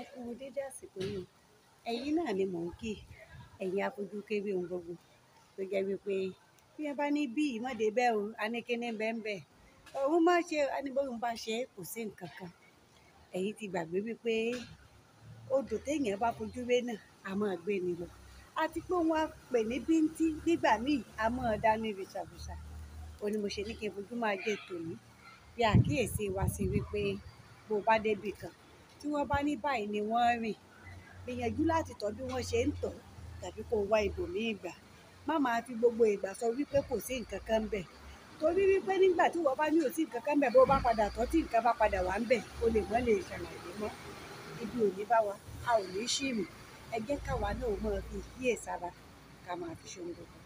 ẹ kú dédé àsìkò yìí ẹ̀yin náà ni mò ń kì ẹ̀yin afojú kéré ohun gbogbo tó jẹ́ wípé bí ẹ bá ní bí ìmọ̀dé bẹ́ẹ̀ o anékéné bẹ́ẹ̀ òun máa ṣe aníbóyún bá ṣe kò sí nǹkan kan ẹ̀yin ti gbàgbé wípé odò téèyàn bá fojú wé náà a máa gbé ni lọ àti pé wọn á pè ní bíntí nígbà míì a máa dání rìṣàbùṣà ó ní mo ṣe ní kí n fojú máa jẹ tòní bí àkíyèsí wa sí wípé bó o bá débì kan tí wọ́n bá ní báyìí ni wọ́n rìn gbìyànjú láti tọ́ bí wọ́n ṣe ń tọ̀ tàbí kó wá ibòmíì gbà má máa fi gbogbo ìgbà sọ wípé kò sí nǹkan kan bẹ̀ torí wípé nígbà tí wọ́n bá ní ò sí nǹkan kan bẹ̀ bó bá padà tọ́ tí nǹkan bá padà wà ń bẹ̀ o lè mọ́ lè mọ́ ibi ò bá wa a ò ní ṣìmù ẹ jẹ́ káwa náà mọ̀ fi kíyèsára ká máa fi ṣohun gbogbo.